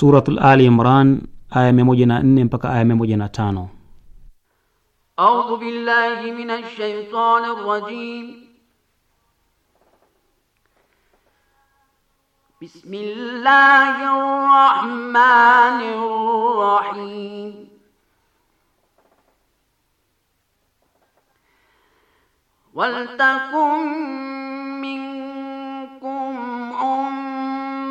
Suratul Ali Imran aya 104 mpaka aya 105. A'udhu billahi minash shaitani rrajim. Bismillahir rahmanir rahim. Wal takum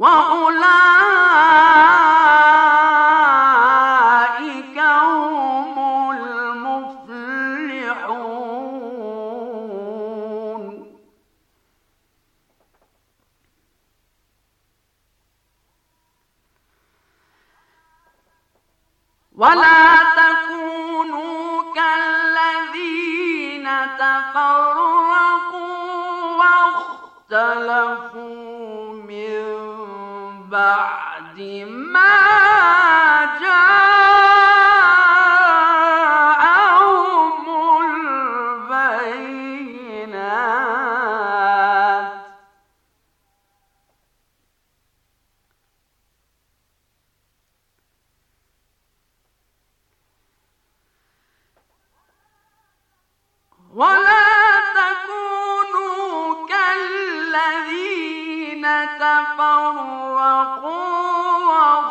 وأولئك هم المفلحون ولا تكونوا كالذين تفرقوا واختلفوا من بعد ما جاءهم البينات ولا تفرقوا واختلفوا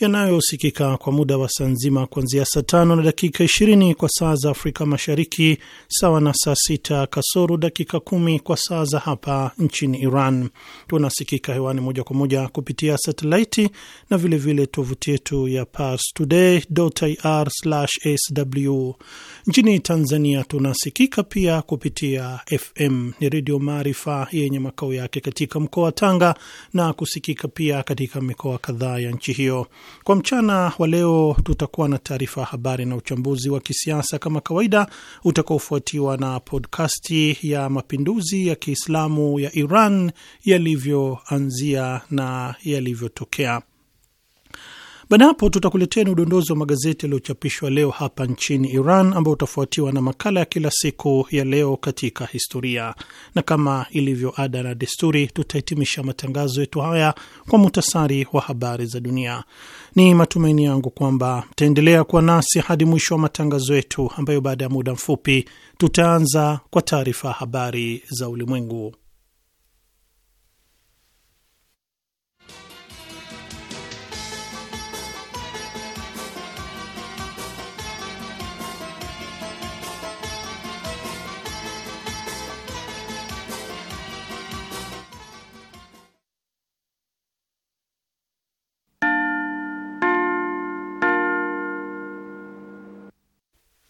yanayosikika kwa muda wa saa nzima kuanzia saa tano na dakika ishirini kwa saa za Afrika Mashariki, sawa na saa sita kasoro dakika kumi kwa saa za hapa nchini Iran. Tunasikika hewani moja kwa moja kupitia satelaiti na vilevile tovuti yetu ya Pars Today ir sw Nchini Tanzania tunasikika pia kupitia FM ni Redio Maarifa yenye makao yake katika mkoa wa Tanga na kusikika pia katika mikoa kadhaa ya nchi hiyo. Kwa mchana wa leo, tutakuwa na taarifa ya habari na uchambuzi wa kisiasa kama kawaida, utakaofuatiwa na podkasti ya mapinduzi ya Kiislamu ya Iran yalivyoanzia na yalivyotokea. Baada hapo tutakuleteni udondozi wa magazeti yaliyochapishwa leo hapa nchini Iran, ambao utafuatiwa na makala ya kila siku ya leo katika historia, na kama ilivyo ada na desturi, tutahitimisha matangazo yetu haya kwa muhtasari wa habari za dunia. Ni matumaini yangu kwamba mtaendelea kuwa nasi hadi mwisho wa matangazo yetu, ambayo baada ya muda mfupi tutaanza kwa taarifa habari za ulimwengu.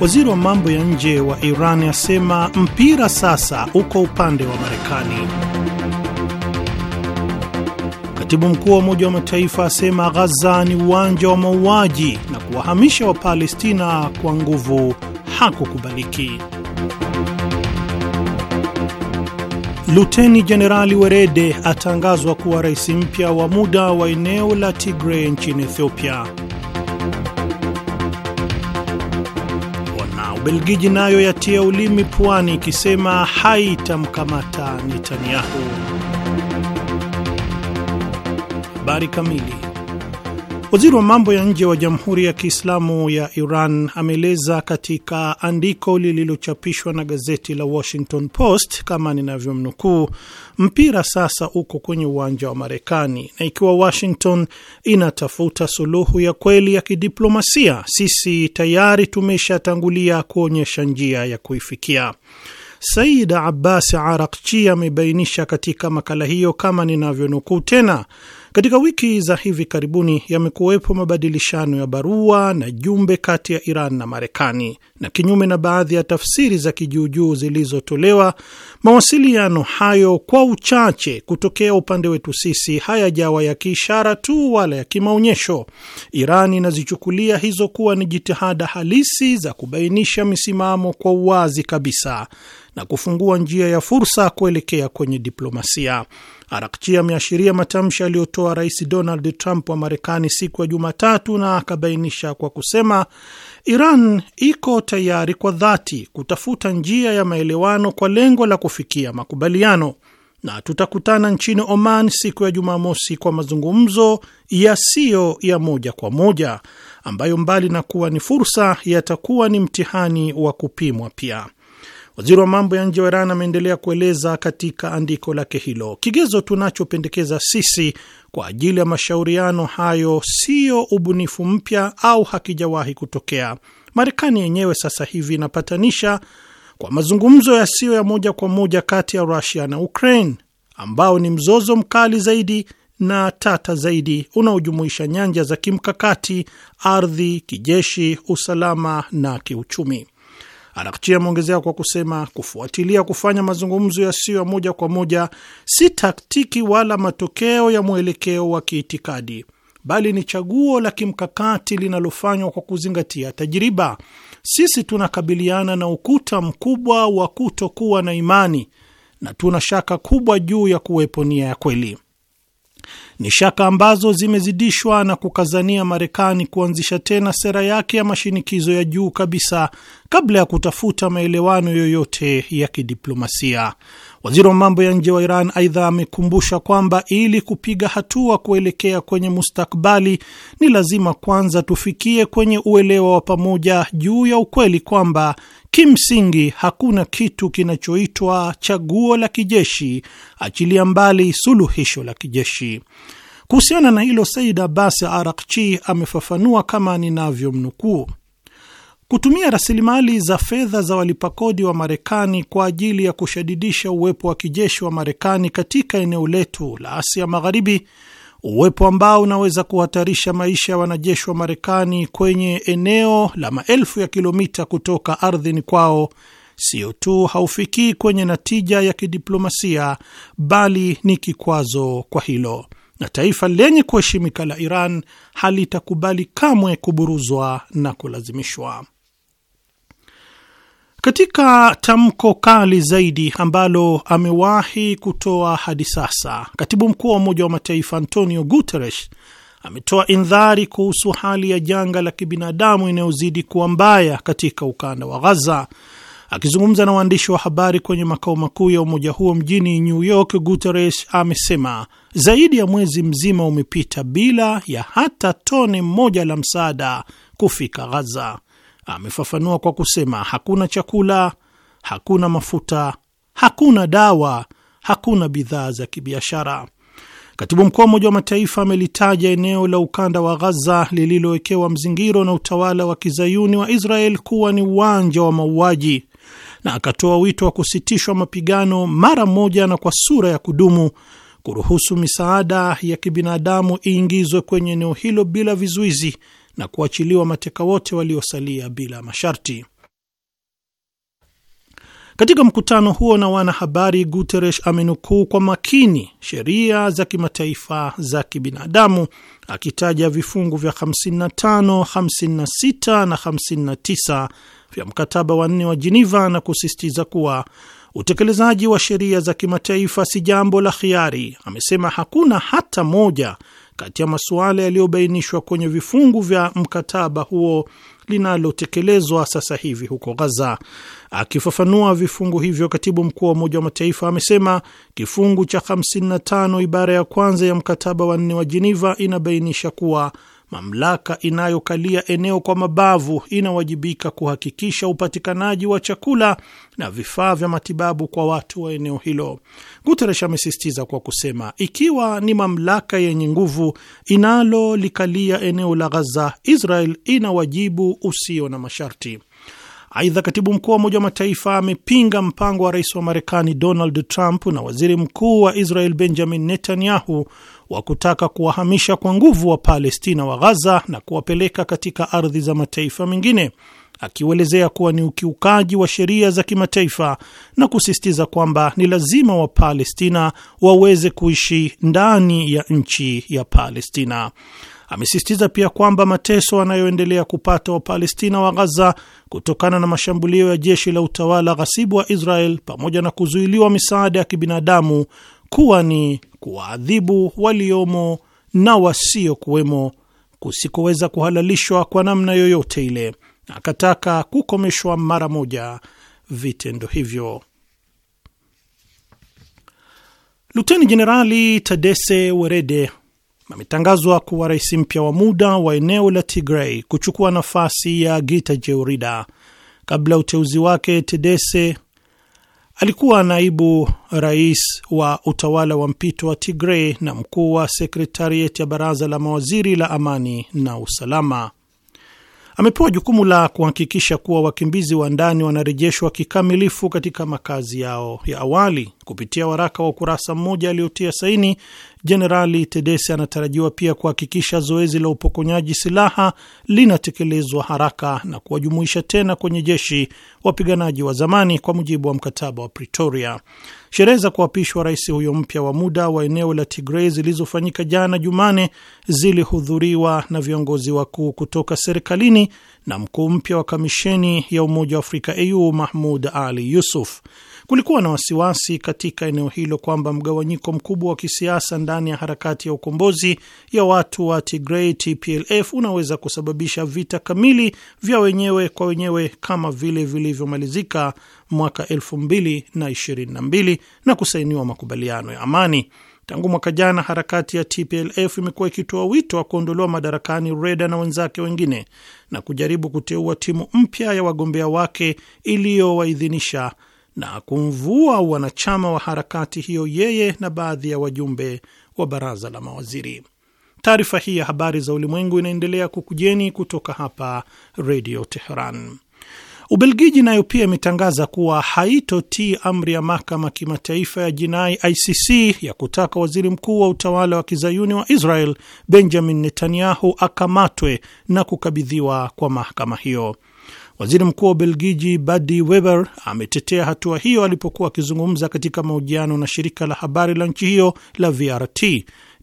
Waziri wa mambo ya nje wa Iran asema mpira sasa uko upande wa Marekani. Katibu mkuu wa Umoja wa Mataifa asema Ghaza ni uwanja wa mauaji na kuwahamisha Wapalestina kwa nguvu hakukubaliki. Luteni Jenerali Werede atangazwa kuwa rais mpya wa muda wa eneo la tigre nchini Ethiopia. Ubelgiji nayo yatia ulimi pwani ikisema haitamkamata Netanyahu. Habari kamili Waziri wa mambo ya nje wa Jamhuri ya Kiislamu ya Iran ameeleza katika andiko lililochapishwa na gazeti la Washington Post kama ninavyomnukuu, mpira sasa uko kwenye uwanja wa Marekani, na ikiwa Washington inatafuta suluhu ya kweli ya kidiplomasia, sisi tayari tumeshatangulia kuonyesha njia ya kuifikia. Said Abbas Arakchi amebainisha katika makala hiyo kama ninavyonukuu tena katika wiki za hivi karibuni yamekuwepo mabadilishano ya barua na jumbe kati ya Iran na Marekani, na kinyume na baadhi ya tafsiri za kijuujuu zilizotolewa Mawasiliano hayo kwa uchache kutokea upande wetu sisi hayajawa ya kiishara tu wala ya kimaonyesho. Iran inazichukulia hizo kuwa ni jitihada halisi za kubainisha misimamo kwa uwazi kabisa na kufungua njia ya fursa kuelekea kwenye diplomasia. Arakchi ameashiria matamshi aliyotoa Rais Donald Trump wa Marekani siku ya Jumatatu na akabainisha kwa kusema Iran iko tayari kwa dhati kutafuta njia ya maelewano kwa lengo la kufikia makubaliano na tutakutana nchini Oman siku ya Jumamosi kwa mazungumzo yasiyo ya moja kwa moja ambayo mbali na kuwa ni fursa, yatakuwa ni mtihani wa kupimwa pia. Waziri wa mambo ya nje wa Iran ameendelea kueleza katika andiko lake hilo, kigezo tunachopendekeza sisi kwa ajili ya mashauriano hayo siyo ubunifu mpya au hakijawahi kutokea. Marekani yenyewe sasa hivi inapatanisha kwa mazungumzo yasiyo ya moja kwa moja kati ya Rusia na Ukraine, ambao ni mzozo mkali zaidi na tata zaidi unaojumuisha nyanja za kimkakati, ardhi, kijeshi, usalama na kiuchumi. Arakchi ameongezea kwa kusema kufuatilia kufanya mazungumzo yasiyo ya moja kwa moja si taktiki wala matokeo ya mwelekeo wa kiitikadi, bali ni chaguo la kimkakati linalofanywa kwa kuzingatia tajiriba. Sisi tunakabiliana na ukuta mkubwa wa kutokuwa na imani na tuna shaka kubwa juu ya kuwepo nia ya kweli. Ni shaka ambazo zimezidishwa na kukazania Marekani kuanzisha tena sera yake ya mashinikizo ya juu kabisa kabla ya kutafuta maelewano yoyote ya kidiplomasia. Waziri wa mambo ya nje wa Iran aidha amekumbusha kwamba ili kupiga hatua kuelekea kwenye mustakbali ni lazima kwanza tufikie kwenye uelewa wa pamoja juu ya ukweli kwamba kimsingi hakuna kitu kinachoitwa chaguo la kijeshi, achilia mbali suluhisho la kijeshi. Kuhusiana na hilo, Said Abbas Arakchi amefafanua kama ninavyomnukuu: Kutumia rasilimali za fedha za walipakodi wa Marekani kwa ajili ya kushadidisha uwepo wa kijeshi wa Marekani katika eneo letu la Asia Magharibi, uwepo ambao unaweza kuhatarisha maisha ya wanajeshi wa Marekani kwenye eneo la maelfu ya kilomita kutoka ardhini kwao, sio tu haufikii kwenye natija ya kidiplomasia, bali ni kikwazo kwa hilo, na taifa lenye kuheshimika la Iran halitakubali kamwe kuburuzwa na kulazimishwa. Katika tamko kali zaidi ambalo amewahi kutoa hadi sasa, katibu mkuu wa Umoja wa Mataifa Antonio Guterres ametoa indhari kuhusu hali ya janga la kibinadamu inayozidi kuwa mbaya katika ukanda wa Ghaza. Akizungumza na waandishi wa habari kwenye makao makuu ya umoja huo mjini New York, Guterres amesema zaidi ya mwezi mzima umepita bila ya hata tone moja la msaada kufika Ghaza amefafanua kwa kusema hakuna chakula, hakuna mafuta, hakuna dawa, hakuna bidhaa za kibiashara. Katibu mkuu wa Umoja wa Mataifa amelitaja eneo la ukanda wa Ghaza lililowekewa mzingiro na utawala wa kizayuni wa Israel kuwa ni uwanja wa mauaji na akatoa wito wa kusitishwa mapigano mara moja na kwa sura ya kudumu, kuruhusu misaada ya kibinadamu iingizwe kwenye eneo hilo bila vizuizi na kuachiliwa mateka wote waliosalia bila masharti. Katika mkutano huo na wanahabari, Guterres amenukuu kwa makini sheria za kimataifa za kibinadamu akitaja vifungu vya 55, 56 na 59 vya mkataba wa nne wa Jiniva na kusisitiza kuwa utekelezaji wa sheria za kimataifa si jambo la hiari. Amesema hakuna hata moja kati ya masuala yaliyobainishwa kwenye vifungu vya mkataba huo linalotekelezwa sasa hivi huko Gaza. Akifafanua vifungu hivyo, katibu mkuu wa Umoja wa Mataifa amesema kifungu cha 55 ibara ya kwanza ya mkataba wa nne wa Jeniva inabainisha kuwa mamlaka inayokalia eneo kwa mabavu inawajibika kuhakikisha upatikanaji wa chakula na vifaa vya matibabu kwa watu wa eneo hilo. Guterres amesisitiza kwa kusema, ikiwa ni mamlaka yenye nguvu inalolikalia eneo la Gaza, Israel ina wajibu usio na masharti. Aidha, katibu mkuu wa Umoja wa Mataifa amepinga mpango wa rais wa Marekani Donald Trump na waziri mkuu wa Israel Benjamin Netanyahu wa kutaka kuwahamisha kwa nguvu wa Palestina wa Ghaza na kuwapeleka katika ardhi za mataifa mengine, akiuelezea kuwa ni ukiukaji wa sheria za kimataifa na kusisitiza kwamba ni lazima Wapalestina waweze kuishi ndani ya nchi ya Palestina. Amesisitiza pia kwamba mateso anayoendelea kupata Wapalestina wa Ghaza kutokana na mashambulio ya jeshi la utawala ghasibu wa Israel pamoja na kuzuiliwa misaada ya kibinadamu kuwa ni kuwaadhibu waliomo na wasiokuwemo kusikoweza kuhalalishwa kwa namna yoyote ile, na akataka kukomeshwa mara moja vitendo hivyo. Luteni Jenerali Tadese Werede ametangazwa kuwa rais mpya wa muda wa eneo la Tigray kuchukua nafasi ya Gita Jeurida. Kabla ya uteuzi wake, Tedese Alikuwa naibu rais wa utawala wa mpito wa Tigray na mkuu wa sekretarieti ya baraza la mawaziri la amani na usalama. Amepewa jukumu la kuhakikisha kuwa wakimbizi wa ndani wanarejeshwa kikamilifu katika makazi yao ya awali. Kupitia waraka wa ukurasa mmoja aliotia saini, Jenerali Tedesi anatarajiwa pia kuhakikisha zoezi la upokonyaji silaha linatekelezwa haraka na kuwajumuisha tena kwenye jeshi wapiganaji wa zamani kwa mujibu wa mkataba wa Pretoria. Sherehe za kuapishwa rais huyo mpya wa muda wa eneo la Tigrei zilizofanyika jana Jumane zilihudhuriwa na viongozi wakuu kutoka serikalini na mkuu mpya wa kamisheni ya Umoja wa Afrika AU Mahmud Ali Yusuf. Kulikuwa na wasiwasi katika eneo hilo kwamba mgawanyiko mkubwa wa kisiasa ndani ya harakati ya ukombozi ya watu wa Tigray TPLF unaweza kusababisha vita kamili vya wenyewe kwa wenyewe kama vile vilivyomalizika mwaka 2022 na kusainiwa makubaliano ya amani. Tangu mwaka jana harakati ya TPLF imekuwa ikitoa wito wa kuondolewa madarakani Reda na wenzake wengine na kujaribu kuteua timu mpya ya wagombea wake iliyowaidhinisha na kumvua wanachama wa harakati hiyo yeye na baadhi ya wajumbe wa baraza la mawaziri. Taarifa hii ya habari za ulimwengu inaendelea kukujeni kutoka hapa Redio Teheran. Ubelgiji nayo pia imetangaza kuwa haitotii amri ya mahakama kimataifa ya jinai ICC ya kutaka waziri mkuu wa utawala wa kizayuni wa Israel Benjamin Netanyahu akamatwe na kukabidhiwa kwa mahakama hiyo. Waziri Mkuu wa Ubelgiji Badi Weber ametetea hatua hiyo alipokuwa akizungumza katika mahojiano na shirika la habari la nchi hiyo la VRT.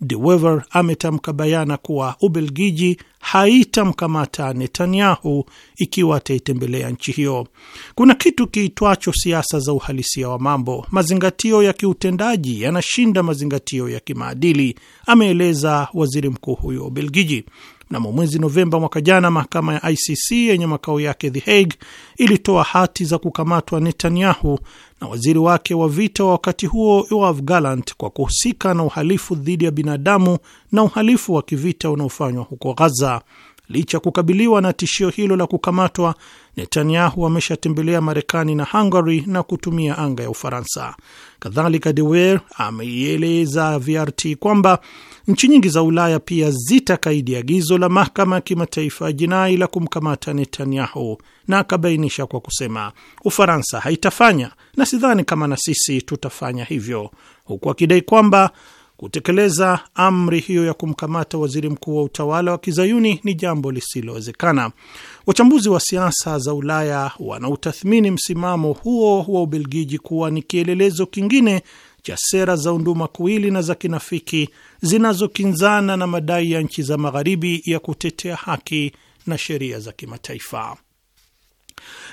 De Wever ametamka bayana kuwa Ubelgiji haitamkamata Netanyahu ikiwa ataitembelea nchi hiyo. Kuna kitu kiitwacho siasa za uhalisia wa mambo, mazingatio ya kiutendaji yanashinda mazingatio ya kimaadili, ameeleza waziri mkuu huyo wa Ubelgiji. Mnamo mwezi Novemba mwaka jana, mahakama ya ICC yenye makao yake The Hague ilitoa hati za kukamatwa Netanyahu na waziri wake wa vita wa wakati huo Yoav Gallant kwa kuhusika na uhalifu dhidi ya binadamu na uhalifu wa kivita unaofanywa huko ghaza Licha ya kukabiliwa na tishio hilo la kukamatwa, Netanyahu ameshatembelea Marekani na Hungary na kutumia anga ya Ufaransa. Kadhalika, De wer ameieleza VRT kwamba Nchi nyingi za Ulaya pia zitakaidi agizo la mahakama ya kimataifa ya jinai la kumkamata Netanyahu, na akabainisha kwa kusema, Ufaransa haitafanya na sidhani kama na sisi tutafanya hivyo, huku akidai kwamba kutekeleza amri hiyo ya kumkamata waziri mkuu wa utawala wa kizayuni ni jambo lisilowezekana. Wachambuzi wa siasa za Ulaya wanautathmini msimamo huo wa Ubelgiji kuwa ni kielelezo kingine cha sera za undumakuwili na za kinafiki zinazokinzana na madai ya nchi za Magharibi ya kutetea haki na sheria za kimataifa.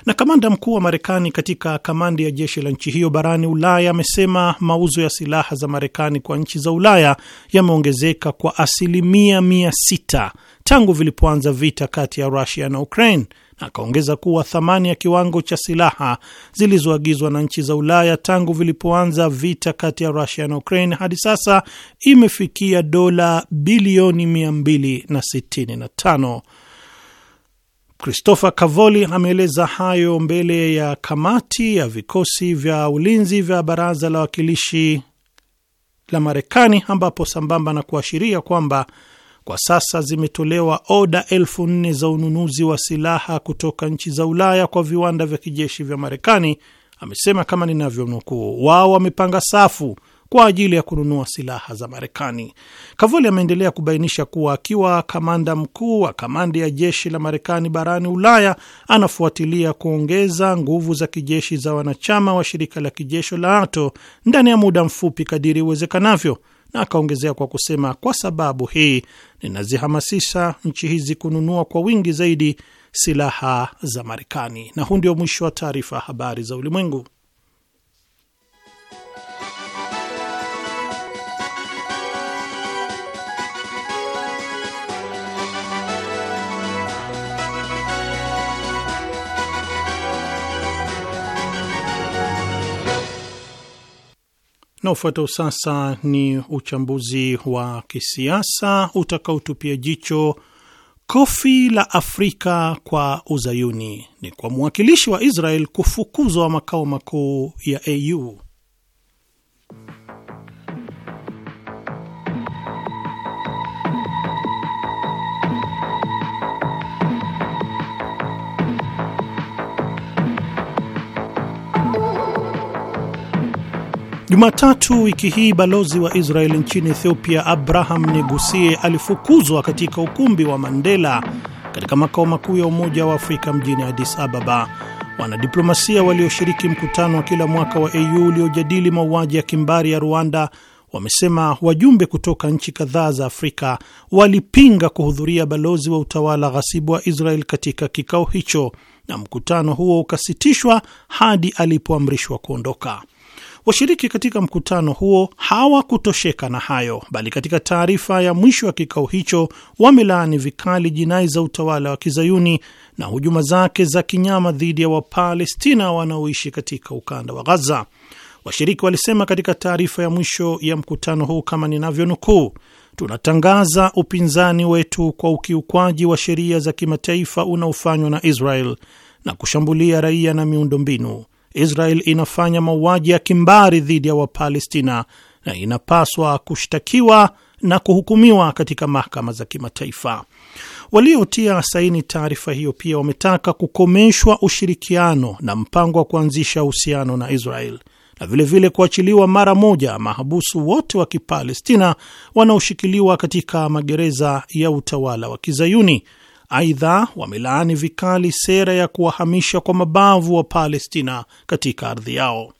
Na kamanda mkuu wa Marekani katika kamandi ya jeshi la nchi hiyo barani Ulaya amesema mauzo ya silaha za Marekani kwa nchi za Ulaya yameongezeka kwa asilimia mia sita tangu vilipoanza vita kati ya Rusia na Ukraine na akaongeza kuwa thamani ya kiwango cha silaha zilizoagizwa na nchi za Ulaya tangu vilipoanza vita kati ya Rusia na Ukraine hadi sasa imefikia dola bilioni 265. Christopher Cavoli ameeleza hayo mbele ya kamati ya vikosi vya ulinzi vya baraza la wawakilishi la Marekani, ambapo sambamba na kuashiria kwamba kwa sasa zimetolewa oda elfu nne za ununuzi wa silaha kutoka nchi za Ulaya kwa viwanda vya kijeshi vya Marekani, amesema kama ninavyonukuu, wao wamepanga safu kwa ajili ya kununua silaha za Marekani. Kavoli ameendelea kubainisha kuwa akiwa kamanda mkuu wa kamanda ya jeshi la Marekani barani Ulaya, anafuatilia kuongeza nguvu za kijeshi za wanachama wa shirika la kijeshi la NATO ndani ya muda mfupi kadiri iwezekanavyo, na akaongezea kwa kusema, kwa sababu hii ninazihamasisha nchi hizi kununua kwa wingi zaidi silaha za Marekani. Na huu ndio mwisho wa taarifa habari za ulimwengu. Na sasa ni uchambuzi wa kisiasa utakaotupia jicho kofi la Afrika kwa Uzayuni ni kwa mwakilishi wa Israel kufukuzwa makao makuu ya AU. Jumatatu wiki hii balozi wa israel nchini Ethiopia Abraham Negusie alifukuzwa katika ukumbi wa Mandela katika makao makuu ya Umoja wa Afrika mjini Addis Ababa. Wanadiplomasia walioshiriki mkutano wa kila mwaka wa AU uliojadili mauaji ya kimbari ya Rwanda wamesema wajumbe kutoka nchi kadhaa za Afrika walipinga kuhudhuria balozi wa utawala ghasibu wa Israel katika kikao hicho, na mkutano huo ukasitishwa hadi alipoamrishwa kuondoka. Washiriki katika mkutano huo hawakutosheka na hayo, bali katika taarifa ya mwisho ya kikao hicho wamelaani vikali jinai za utawala wa kizayuni na hujuma zake za kinyama dhidi ya Wapalestina wanaoishi katika ukanda wa Ghaza. Washiriki walisema katika taarifa ya mwisho ya mkutano huu kama ninavyonukuu: Tunatangaza upinzani wetu kwa ukiukwaji wa sheria za kimataifa unaofanywa na Israel na kushambulia raia na miundombinu. Israel inafanya mauaji ya kimbari dhidi ya Wapalestina na inapaswa kushtakiwa na kuhukumiwa katika mahakama za kimataifa. Waliotia saini taarifa hiyo pia wametaka kukomeshwa ushirikiano na mpango wa kuanzisha uhusiano na Israel na vilevile kuachiliwa mara moja mahabusu wote wa Kipalestina wanaoshikiliwa katika magereza ya utawala wa Kizayuni Aidha, wamelaani vikali sera ya kuwahamisha kwa mabavu wa Palestina katika ardhi yao.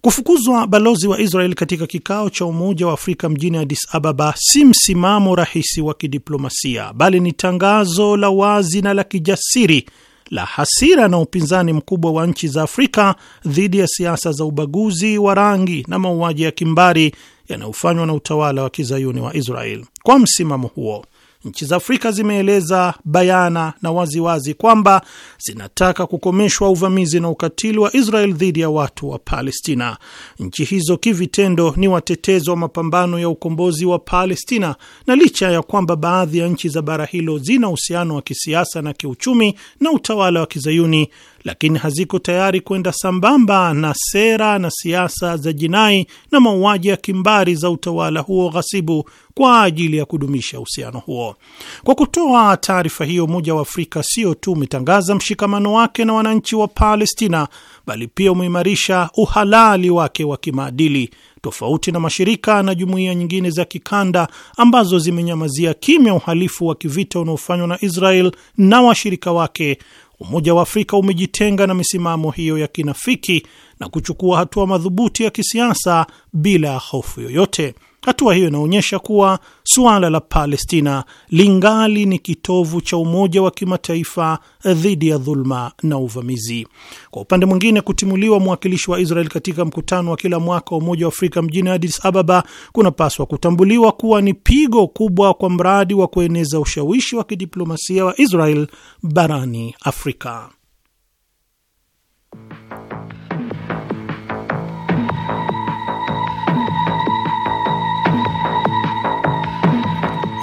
Kufukuzwa balozi wa Israel katika kikao cha Umoja wa Afrika mjini Addis Ababa si msimamo rahisi wa kidiplomasia, bali ni tangazo la wazi na la kijasiri la hasira na upinzani mkubwa wa nchi za Afrika dhidi ya siasa za ubaguzi wa rangi na mauaji ya kimbari yanayofanywa na utawala wa kizayuni wa Israel. Kwa msimamo huo Nchi za Afrika zimeeleza bayana na waziwazi wazi kwamba zinataka kukomeshwa uvamizi na ukatili wa Israel dhidi ya watu wa Palestina. Nchi hizo kivitendo ni watetezi wa mapambano ya ukombozi wa Palestina, na licha ya kwamba baadhi ya nchi za bara hilo zina uhusiano wa kisiasa na kiuchumi na utawala wa Kizayuni, lakini haziko tayari kwenda sambamba na sera na siasa za jinai na mauaji ya kimbari za utawala huo ghasibu kwa ajili ya kudumisha uhusiano huo. Kwa kutoa taarifa hiyo, Umoja wa Afrika sio tu umetangaza mshikamano wake na wananchi wa Palestina, bali pia umeimarisha uhalali wake wa kimaadili, tofauti na mashirika na jumuiya nyingine za kikanda ambazo zimenyamazia kimya uhalifu wa kivita unaofanywa na Israel na washirika wake. Umoja wa Afrika umejitenga na misimamo hiyo ya kinafiki na kuchukua hatua madhubuti ya kisiasa bila hofu yoyote. Hatua hiyo inaonyesha kuwa suala la Palestina lingali ni kitovu cha umoja wa kimataifa dhidi ya dhuluma na uvamizi. Kwa upande mwingine, kutimuliwa mwakilishi wa Israel katika mkutano wa kila mwaka wa Umoja wa Afrika mjini Addis Ababa kunapaswa kutambuliwa kuwa ni pigo kubwa kwa mradi wa kueneza ushawishi wa kidiplomasia wa Israel barani Afrika.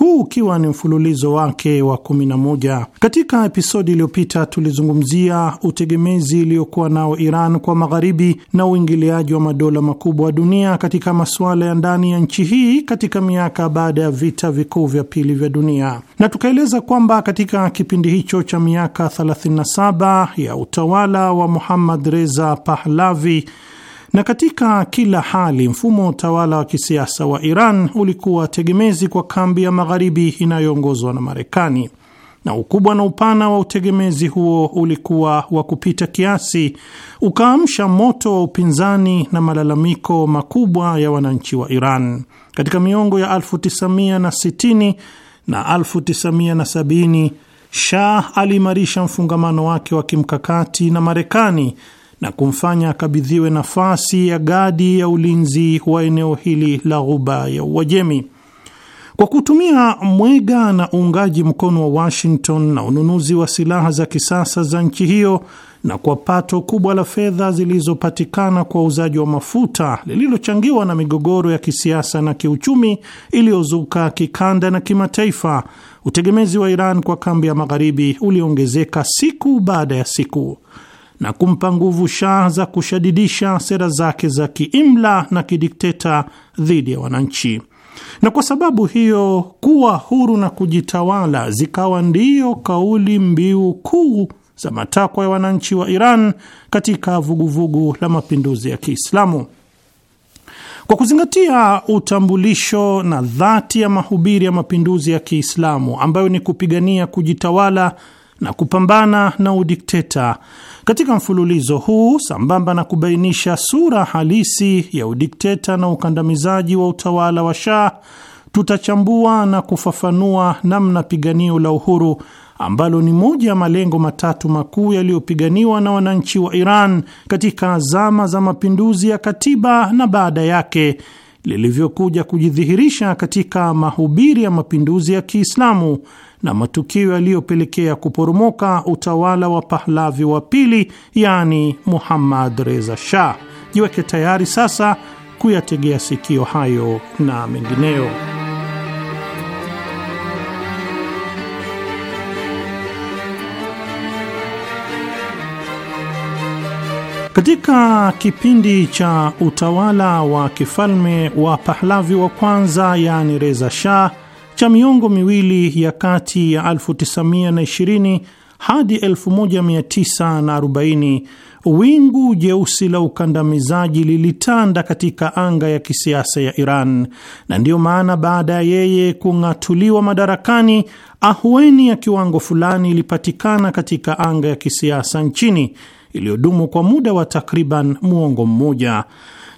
huu ukiwa ni mfululizo wake wa 11. Katika episodi iliyopita tulizungumzia utegemezi iliyokuwa nao Iran kwa magharibi na uingiliaji wa madola makubwa ya dunia katika masuala ya ndani ya nchi hii katika miaka baada ya vita vikuu vya pili vya dunia, na tukaeleza kwamba katika kipindi hicho cha miaka 37 ya utawala wa Muhammad Reza Pahlavi na katika kila hali mfumo wa utawala wa kisiasa wa Iran ulikuwa tegemezi kwa kambi ya magharibi inayoongozwa na Marekani, na ukubwa na upana wa utegemezi huo ulikuwa wa kupita kiasi, ukaamsha moto wa upinzani na malalamiko makubwa ya wananchi wa Iran. Katika miongo ya 1960 na 1970 Shah aliimarisha mfungamano wake wa kimkakati na Marekani na kumfanya akabidhiwe nafasi ya gadi ya ulinzi wa eneo hili la Ghuba ya Uajemi. Kwa kutumia mwega na uungaji mkono wa Washington na ununuzi wa silaha za kisasa za nchi hiyo na kwa pato kubwa la fedha zilizopatikana kwa uuzaji wa mafuta lililochangiwa na migogoro ya kisiasa na kiuchumi iliyozuka kikanda na kimataifa, utegemezi wa Iran kwa kambi ya magharibi uliongezeka siku baada ya siku na kumpa nguvu Shah za kushadidisha sera zake za kiimla na kidikteta dhidi ya wananchi, na kwa sababu hiyo kuwa huru na kujitawala zikawa ndiyo kauli mbiu kuu za matakwa ya wananchi wa Iran katika vuguvugu vugu la mapinduzi ya Kiislamu. Kwa kuzingatia utambulisho na dhati ya mahubiri ya mapinduzi ya Kiislamu ambayo ni kupigania kujitawala na kupambana na udikteta. Katika mfululizo huu, sambamba na kubainisha sura halisi ya udikteta na ukandamizaji wa utawala wa Shah, tutachambua na kufafanua namna piganio la uhuru ambalo ni moja ya malengo matatu makuu yaliyopiganiwa na wananchi wa Iran katika zama za mapinduzi ya katiba na baada yake lilivyokuja kujidhihirisha katika mahubiri ya mapinduzi ya Kiislamu na matukio yaliyopelekea kuporomoka utawala wa Pahlavi wa pili, yani Muhammad Reza Shah. Jiweke tayari sasa kuyategea sikio hayo na mengineyo. Katika kipindi cha utawala wa kifalme wa Pahlavi wa kwanza, yani Reza Shah, cha miongo miwili ya kati ya 1920 hadi 1940 wingu jeusi la ukandamizaji lilitanda katika anga ya kisiasa ya Iran, na ndiyo maana baada ya yeye kung'atuliwa madarakani, ahueni ya kiwango fulani ilipatikana katika anga ya kisiasa nchini iliyodumu kwa muda wa takriban muongo mmoja.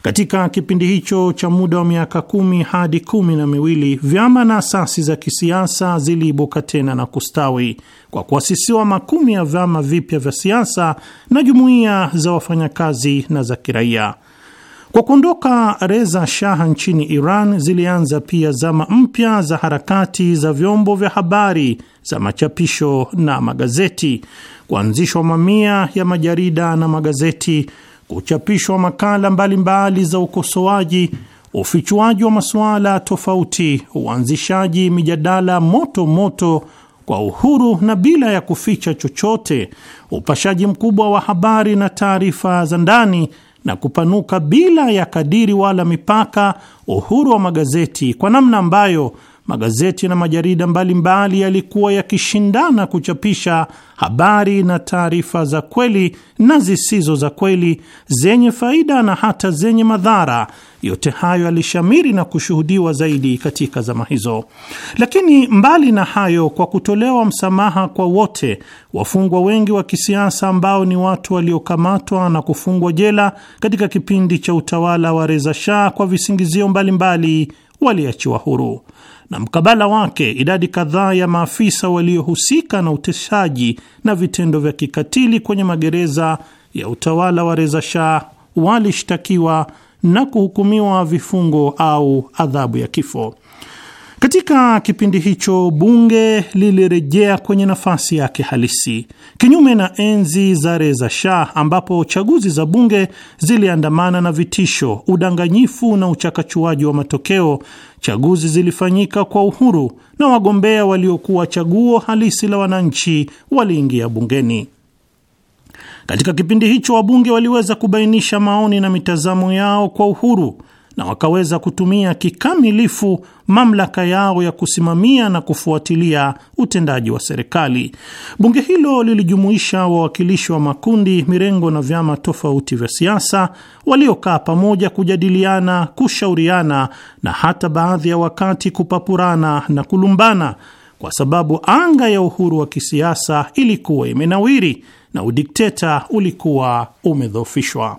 Katika kipindi hicho cha muda wa miaka kumi hadi kumi na miwili, vyama na asasi za kisiasa ziliibuka tena na kustawi kwa kuasisiwa makumi ya vyama vipya vya siasa na jumuiya za wafanyakazi na za kiraia. Kwa kuondoka Reza Shah nchini Iran, zilianza pia zama mpya za harakati za vyombo vya habari za machapisho na magazeti, kuanzishwa mamia ya majarida na magazeti wa makala mbalimbali mbali za ukosoaji, ufichuaji wa masuala tofauti, uanzishaji mijadala moto moto kwa uhuru na bila ya kuficha chochote, upashaji mkubwa wa habari na taarifa za ndani na kupanuka bila ya kadiri wala mipaka uhuru wa magazeti kwa namna ambayo magazeti na majarida mbalimbali yalikuwa yakishindana kuchapisha habari na taarifa za kweli na zisizo za kweli, zenye faida na hata zenye madhara. Yote hayo yalishamiri na kushuhudiwa zaidi katika zama hizo. Lakini mbali na hayo, kwa kutolewa msamaha kwa wote, wafungwa wengi wa kisiasa ambao ni watu waliokamatwa na kufungwa jela katika kipindi cha utawala wa Reza Shah kwa visingizio mbalimbali, waliachiwa huru na mkabala wake idadi kadhaa ya maafisa waliohusika na uteshaji na vitendo vya kikatili kwenye magereza ya utawala wa Reza Shah walishtakiwa na kuhukumiwa vifungo au adhabu ya kifo. Katika kipindi hicho bunge lilirejea kwenye nafasi yake halisi, kinyume na enzi za Reza Shah ambapo chaguzi za bunge ziliandamana na vitisho, udanganyifu na uchakachuaji wa matokeo Chaguzi zilifanyika kwa uhuru na wagombea waliokuwa chaguo halisi la wananchi waliingia bungeni. Katika kipindi hicho wabunge waliweza kubainisha maoni na mitazamo yao kwa uhuru na wakaweza kutumia kikamilifu mamlaka yao ya kusimamia na kufuatilia utendaji wa serikali. Bunge hilo lilijumuisha wawakilishi wa makundi, mirengo na vyama tofauti vya siasa waliokaa pamoja kujadiliana, kushauriana na hata baadhi ya wakati kupapurana na kulumbana, kwa sababu anga ya uhuru wa kisiasa ilikuwa imenawiri na udikteta ulikuwa umedhoofishwa.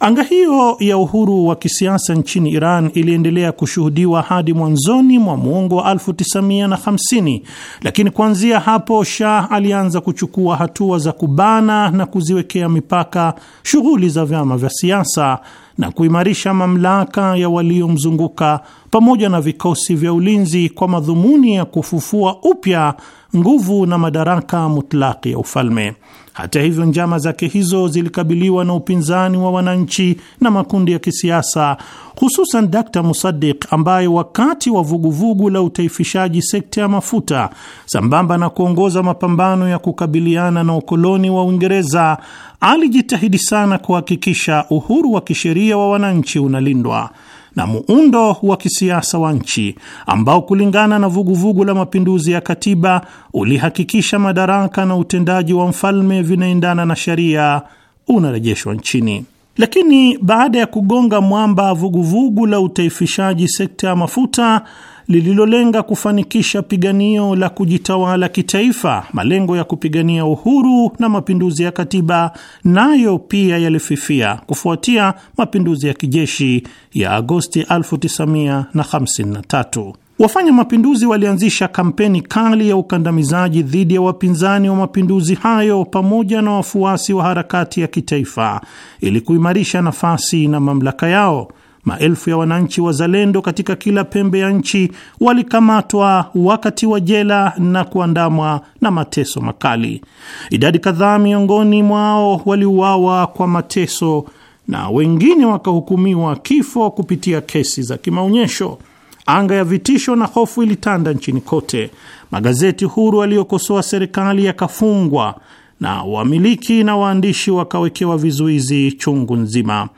Anga hiyo ya uhuru wa kisiasa nchini Iran iliendelea kushuhudiwa hadi mwanzoni mwa muongo wa 1950, lakini kuanzia hapo Shah alianza kuchukua hatua za kubana na kuziwekea mipaka shughuli za vyama vya siasa na kuimarisha mamlaka ya waliomzunguka pamoja na vikosi vya ulinzi kwa madhumuni ya kufufua upya nguvu na madaraka mutlaki ya ufalme. Hata hivyo, njama zake hizo zilikabiliwa na upinzani wa wananchi na makundi ya kisiasa, hususan Dkt. musadik ambaye wakati wa vuguvugu la utaifishaji sekta ya mafuta sambamba na kuongoza mapambano ya kukabiliana na ukoloni wa Uingereza alijitahidi sana kuhakikisha uhuru wa kisheria wa wananchi unalindwa na muundo wa kisiasa wa nchi ambao kulingana na vuguvugu vugu la mapinduzi ya katiba ulihakikisha madaraka na utendaji wa mfalme vinaendana na sheria unarejeshwa nchini. Lakini baada ya kugonga mwamba vuguvugu vugu la utaifishaji sekta ya mafuta lililolenga kufanikisha piganio la kujitawala kitaifa, malengo ya kupigania uhuru na mapinduzi ya katiba nayo pia yalififia kufuatia mapinduzi ya kijeshi ya Agosti 1953. Wafanya mapinduzi walianzisha kampeni kali ya ukandamizaji dhidi ya wapinzani wa mapinduzi hayo pamoja na wafuasi wa harakati ya kitaifa ili kuimarisha nafasi na mamlaka yao. Maelfu ya wananchi wazalendo katika kila pembe ya nchi walikamatwa, wakati wa jela na kuandamwa na mateso makali. Idadi kadhaa miongoni mwao waliuawa kwa mateso na wengine wakahukumiwa kifo kupitia kesi za kimaonyesho. Anga ya vitisho na hofu ilitanda nchini kote. Magazeti huru aliyokosoa serikali yakafungwa na wamiliki na waandishi wakawekewa vizuizi chungu nzima.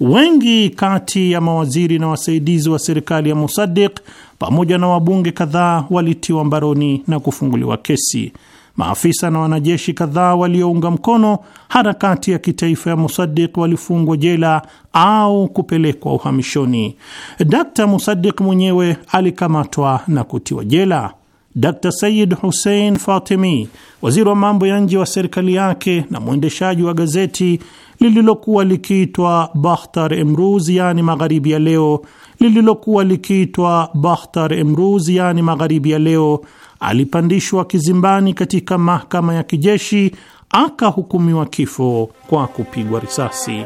Wengi kati ya mawaziri na wasaidizi wa serikali ya Musadik pamoja na wabunge kadhaa walitiwa mbaroni na kufunguliwa kesi. Maafisa na wanajeshi kadhaa waliounga mkono harakati ya kitaifa ya Musadik walifungwa jela au kupelekwa uhamishoni. Dkt Musadik mwenyewe alikamatwa na kutiwa jela. Dr Sayid Hussein Fatimi, waziri wa mambo ya nje wa serikali yake na mwendeshaji wa gazeti lililokuwa likiitwa Bakhtar Emruz, yani Magharibi ya Leo, lililokuwa likiitwa Bakhtar Emruz, yani Magharibi ya Leo, alipandishwa kizimbani katika mahakama ya kijeshi akahukumiwa kifo kwa kupigwa risasi.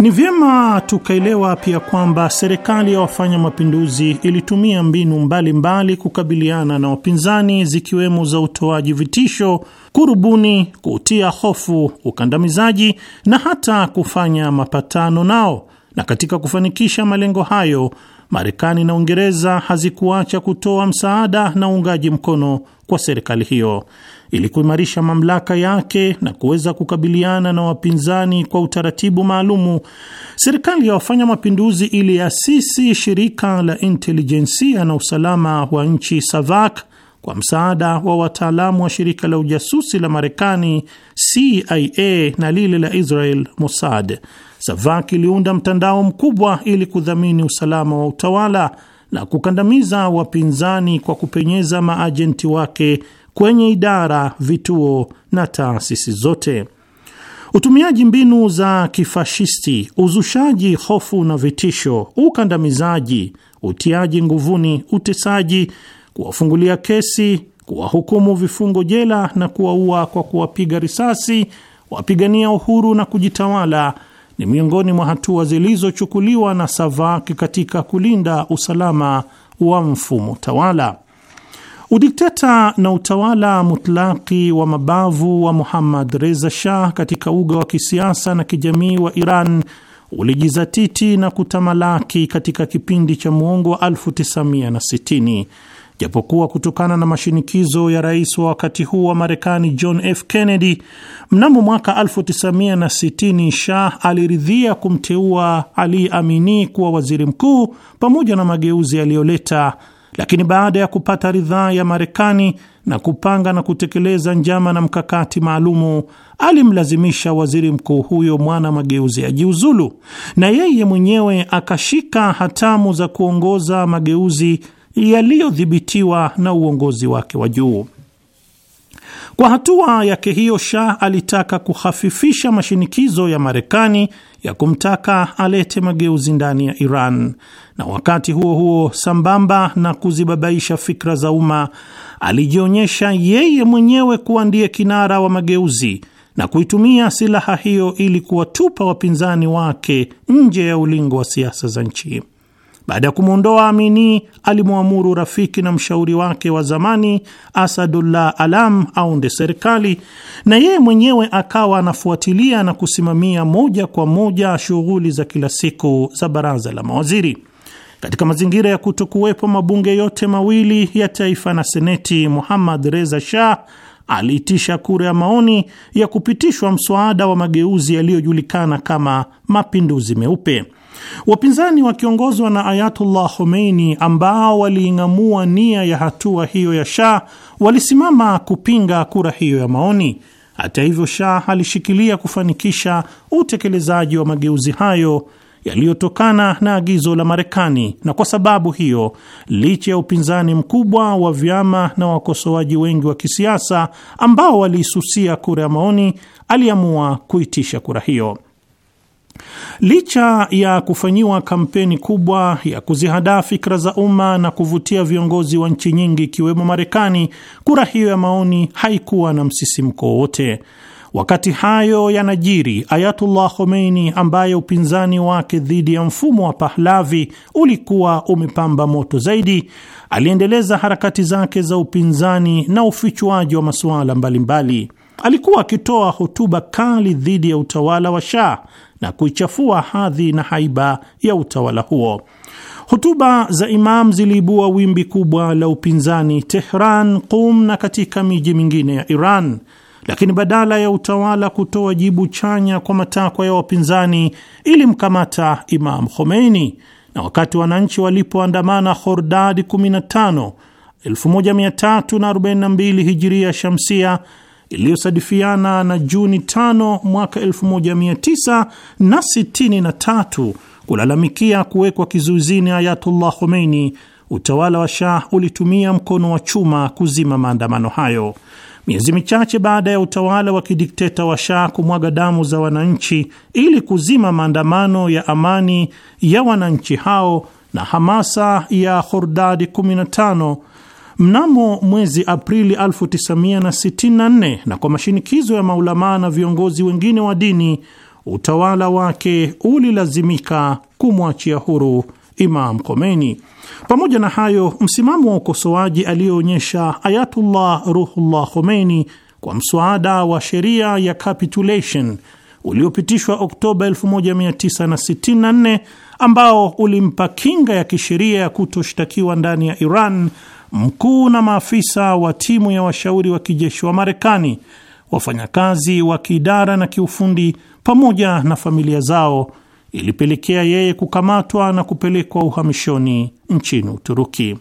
Ni vyema tukaelewa pia kwamba serikali ya wafanya mapinduzi ilitumia mbinu mbalimbali mbali kukabiliana na wapinzani, zikiwemo za utoaji vitisho, kurubuni, kutia hofu, ukandamizaji na hata kufanya mapatano nao. Na katika kufanikisha malengo hayo, Marekani na Uingereza hazikuacha kutoa msaada na uungaji mkono kwa serikali hiyo ili kuimarisha mamlaka yake na kuweza kukabiliana na wapinzani kwa utaratibu maalumu, serikali ya wafanya mapinduzi iliasisi shirika la intelijensia na usalama wa nchi SAVAK kwa msaada wa wataalamu wa shirika la ujasusi la Marekani CIA na lile la Israel Mossad. SAVAK iliunda mtandao mkubwa ili kudhamini usalama wa utawala na kukandamiza wapinzani kwa kupenyeza maajenti wake kwenye idara, vituo na taasisi zote. Utumiaji mbinu za kifashisti, uzushaji hofu na vitisho, ukandamizaji, utiaji nguvuni, utesaji, kuwafungulia kesi, kuwahukumu vifungo jela na kuwaua kwa kuwapiga risasi wapigania uhuru na kujitawala ni miongoni mwa hatua zilizochukuliwa na SAVAK katika kulinda usalama wa mfumo tawala. Udikteta na utawala mutlaki wa mabavu wa Muhammad Reza Shah katika uga wa kisiasa na kijamii wa Iran ulijizatiti na kutamalaki katika kipindi cha muongo wa 1960 japokuwa kutokana na mashinikizo ya rais wa wakati huu wa Marekani John F Kennedy, mnamo mwaka 1960 Shah aliridhia kumteua Ali Amini kuwa waziri mkuu pamoja na mageuzi aliyoleta lakini baada ya kupata ridhaa ya Marekani na kupanga na kutekeleza njama na mkakati maalumu, alimlazimisha waziri mkuu huyo mwana mageuzi ajiuzulu, na yeye mwenyewe akashika hatamu za kuongoza mageuzi yaliyodhibitiwa na uongozi wake wa juu. Kwa hatua yake hiyo, Shah alitaka kuhafifisha mashinikizo ya Marekani ya kumtaka alete mageuzi ndani ya Iran, na wakati huo huo, sambamba na kuzibabaisha fikra za umma, alijionyesha yeye mwenyewe kuwa ndiye kinara wa mageuzi na kuitumia silaha hiyo ili kuwatupa wapinzani wake nje ya ulingo wa siasa za nchi. Baada ya kumwondoa Amini, alimwamuru rafiki na mshauri wake wa zamani Asadullah Alam aunde serikali, na yeye mwenyewe akawa anafuatilia na kusimamia moja kwa moja shughuli za kila siku za baraza la mawaziri. Katika mazingira ya kutokuwepo mabunge yote mawili ya taifa na seneti, Muhammad Reza Shah aliitisha kura ya maoni ya kupitishwa mswada wa mageuzi yaliyojulikana kama mapinduzi meupe. Wapinzani wakiongozwa na Ayatullah Khomeini ambao waliing'amua nia ya hatua hiyo ya Shah walisimama kupinga kura hiyo ya maoni. Hata hivyo, Shah alishikilia kufanikisha utekelezaji wa mageuzi hayo yaliyotokana na agizo la Marekani, na kwa sababu hiyo, licha ya upinzani mkubwa wa vyama na wakosoaji wengi wa kisiasa ambao waliisusia kura ya maoni, aliamua kuitisha kura hiyo. Licha ya kufanyiwa kampeni kubwa ya kuzihadaa fikra za umma na kuvutia viongozi wa nchi nyingi ikiwemo Marekani, kura hiyo ya maoni haikuwa na msisimko wowote. Wakati hayo yanajiri, Ayatullah Khomeini ambaye upinzani wake dhidi ya mfumo wa Pahlavi ulikuwa umepamba moto zaidi, aliendeleza harakati zake za upinzani na ufichuaji wa masuala mbalimbali alikuwa akitoa hotuba kali dhidi ya utawala wa Shah na kuichafua hadhi na haiba ya utawala huo. Hotuba za Imam ziliibua wimbi kubwa la upinzani Tehran, Qum na katika miji mingine ya Iran, lakini badala ya utawala kutoa jibu chanya kwa matakwa ya wapinzani, ilimkamata Imam Khomeini, na wakati wananchi walipoandamana Khordad 15 1342 hijiria shamsia iliyosadifiana na Juni 5 mwaka 1963 kulalamikia kuwekwa kizuizini Ayatullah Khomeini, utawala wa Shah ulitumia mkono wa chuma kuzima maandamano hayo. Miezi michache baada ya utawala wa kidikteta wa Shah kumwaga damu za wananchi ili kuzima maandamano ya amani ya wananchi hao na hamasa ya Hordadi 15 mnamo mwezi Aprili 1964 na kwa mashinikizo ya maulamaa na viongozi wengine wa dini, utawala wake ulilazimika kumwachia huru Imam Khomeini. Pamoja na hayo, msimamo wa ukosoaji aliyoonyesha Ayatullah Ruhullah Khomeini kwa mswada wa sheria ya capitulation uliopitishwa Oktoba 1964 ambao ulimpa kinga ya kisheria ya kutoshtakiwa ndani ya Iran mkuu na maafisa wa timu ya washauri wa kijeshi wa Marekani, wafanyakazi wa kiidara na kiufundi, pamoja na familia zao, ilipelekea yeye kukamatwa na kupelekwa uhamishoni nchini Uturuki.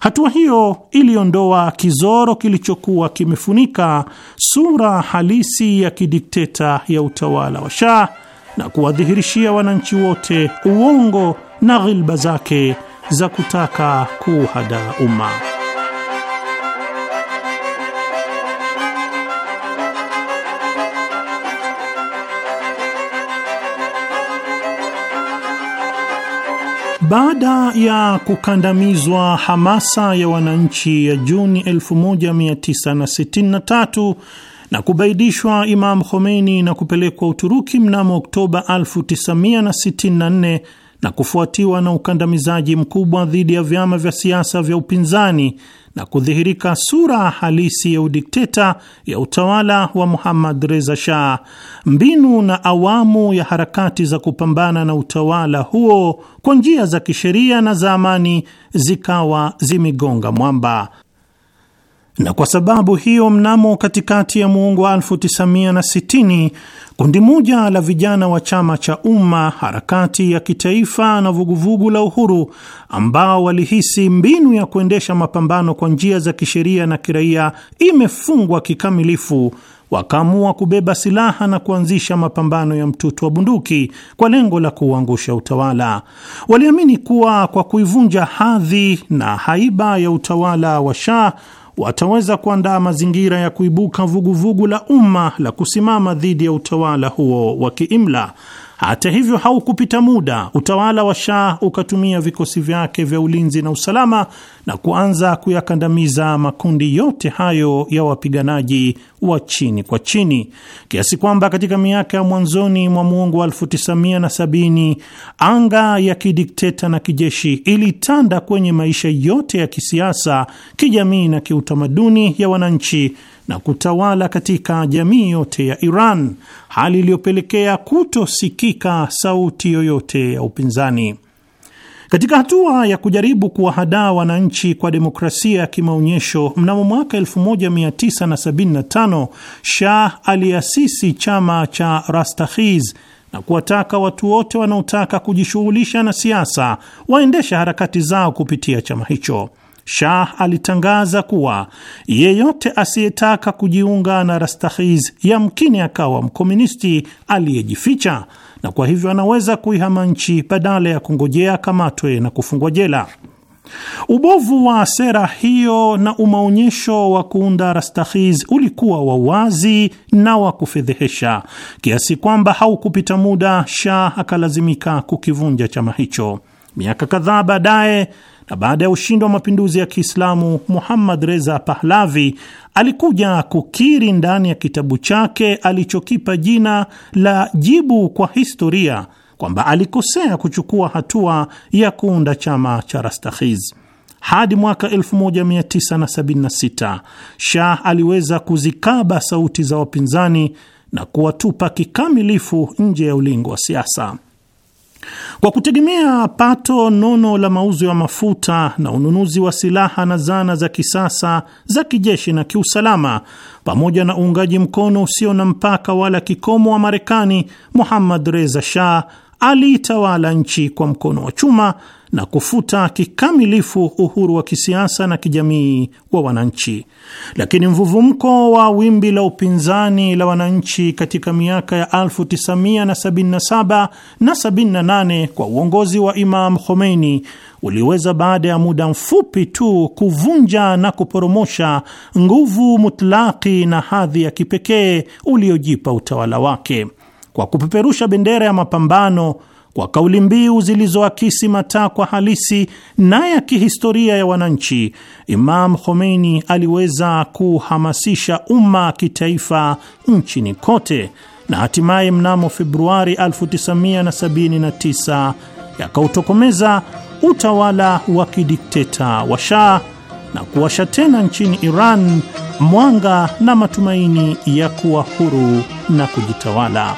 Hatua hiyo iliondoa kizoro kilichokuwa kimefunika sura halisi ya kidikteta ya utawala wa Shah na kuwadhihirishia wananchi wote uongo na ghilba zake za kutaka kuuhadaa umma. Baada ya kukandamizwa hamasa ya wananchi ya Juni 1963 na kubaidishwa Imam Khomeini na kupelekwa Uturuki mnamo Oktoba 1964 na kufuatiwa na ukandamizaji mkubwa dhidi ya vyama vya siasa vya upinzani na kudhihirika sura halisi ya udikteta ya utawala wa Muhammad Reza Shah, mbinu na awamu ya harakati za kupambana na utawala huo kwa njia za kisheria na za amani zikawa zimegonga mwamba na kwa sababu hiyo mnamo katikati ya muongo wa 1960 kundi moja la vijana wa chama cha Umma, harakati ya kitaifa na vuguvugu la Uhuru, ambao walihisi mbinu ya kuendesha mapambano kwa njia za kisheria na kiraia imefungwa kikamilifu, wakaamua kubeba silaha na kuanzisha mapambano ya mtutu wa bunduki kwa lengo la kuuangusha utawala. Waliamini kuwa kwa kuivunja hadhi na haiba ya utawala wa Shah wataweza kuandaa mazingira ya kuibuka vuguvugu vugu la umma la kusimama dhidi ya utawala huo wa kiimla hata hivyo, haukupita muda, utawala wa Shah ukatumia vikosi vyake vya ulinzi na usalama na kuanza kuyakandamiza makundi yote hayo ya wapiganaji wa chini kwa chini, kiasi kwamba katika miaka ya mwanzoni mwa muongo wa 1970 anga ya kidikteta na kijeshi ilitanda kwenye maisha yote ya kisiasa, kijamii na kiutamaduni ya wananchi na kutawala katika jamii yote ya Iran, hali iliyopelekea kutosikika sauti yoyote ya upinzani. Katika hatua ya kujaribu kuwahadaa wananchi kwa demokrasia ya kimaonyesho, mnamo mwaka 1975 Shah aliasisi chama cha Rastakhiz na kuwataka watu wote wanaotaka kujishughulisha na siasa waendesha harakati zao kupitia chama hicho. Shah alitangaza kuwa yeyote asiyetaka kujiunga na Rastakhiz yamkini akawa mkomunisti aliyejificha, na kwa hivyo anaweza kuihama nchi badala ya kungojea kamatwe na kufungwa jela. Ubovu wa sera hiyo na umaonyesho wa kuunda Rastakhiz ulikuwa wa wazi na wa kufedhehesha kiasi kwamba haukupita muda, Shah akalazimika kukivunja chama hicho. Miaka kadhaa baadaye na baada ya ushindi wa mapinduzi ya Kiislamu, Muhammad Reza Pahlavi alikuja kukiri ndani ya kitabu chake alichokipa jina la Jibu kwa Historia kwamba alikosea kuchukua hatua ya kuunda chama cha Rastakhiz. Hadi mwaka 1976 Shah aliweza kuzikaba sauti za wapinzani na kuwatupa kikamilifu nje ya ulingo wa siasa. Kwa kutegemea pato nono la mauzo ya mafuta na ununuzi wa silaha na zana za kisasa za kijeshi na kiusalama, pamoja na uungaji mkono usio na mpaka wala kikomo wa Marekani, Muhammad Reza Shah aliitawala nchi kwa mkono wa chuma na kufuta kikamilifu uhuru wa kisiasa na kijamii wa wananchi. Lakini mvuvumko wa wimbi la upinzani la wananchi katika miaka ya 1977 na 78 kwa uongozi wa Imam Khomeini uliweza baada ya muda mfupi tu kuvunja na kuporomosha nguvu mutlaki na hadhi ya kipekee uliojipa utawala wake kwa kupeperusha bendera ya mapambano kwa kauli mbiu zilizoakisi matakwa halisi na ya kihistoria ya wananchi, Imam Khomeini aliweza kuhamasisha umma kitaifa nchini kote, na hatimaye mnamo Februari 1979 yakautokomeza utawala wa kidikteta wa Shah na kuwasha tena nchini Iran mwanga na matumaini ya kuwa huru na kujitawala.